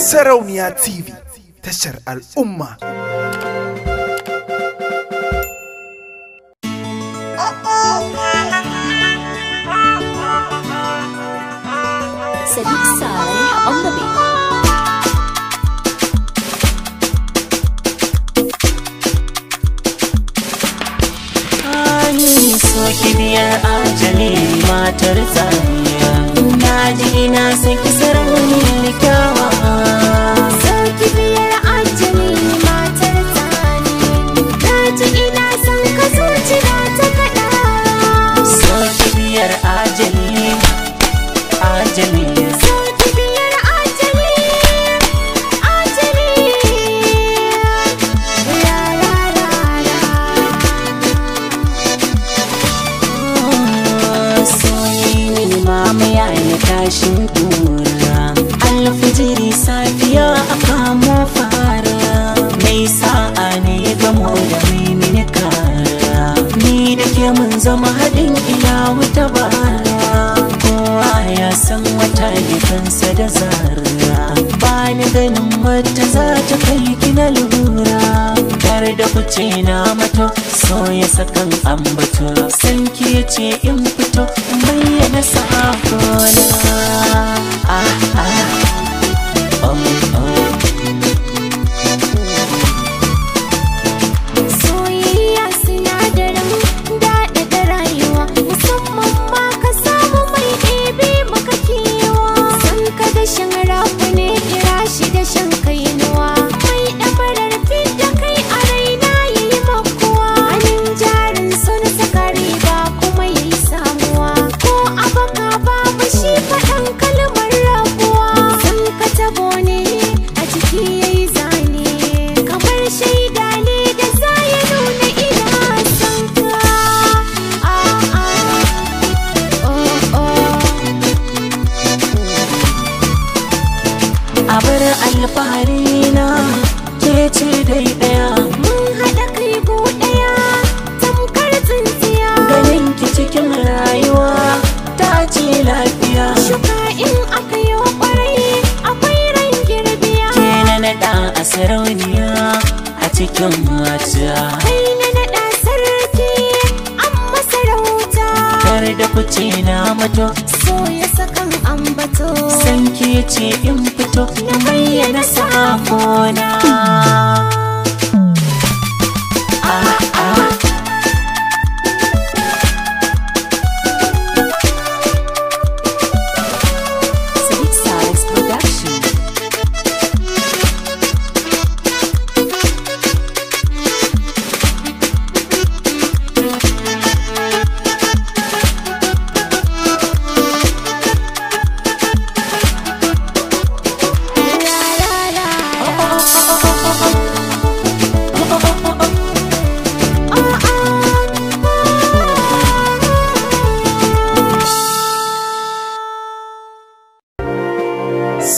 Sarauniya TV tashar al'umma. Sadiq Saleh on the beat. Ani so kibiyar ajali matar tsami tashin kura alfijiri safiya a kamo fara mai sa'a ne gamo da mini ni da ke mun zama haɗin ila wuta bara kowa ya san wata gefensa da zara ba ni ganin wata za ta kai kina lura kar da kuce na mata ya sakan ambato sanki ya ce in fito bayyana na. alfahari na ke ce dai daya mun haɗa kai bu ɗaya tamkar tsintsiya ganin ki cikin rayuwa ta ce lafiya shuka in aka yi kwarai akwai ran girbiya ke na naɗa a sarauniya a cikin mata kai na naɗa sarki an masarauta kar da kuce na mato so ya sakan ambato ce in fito na bayyana safona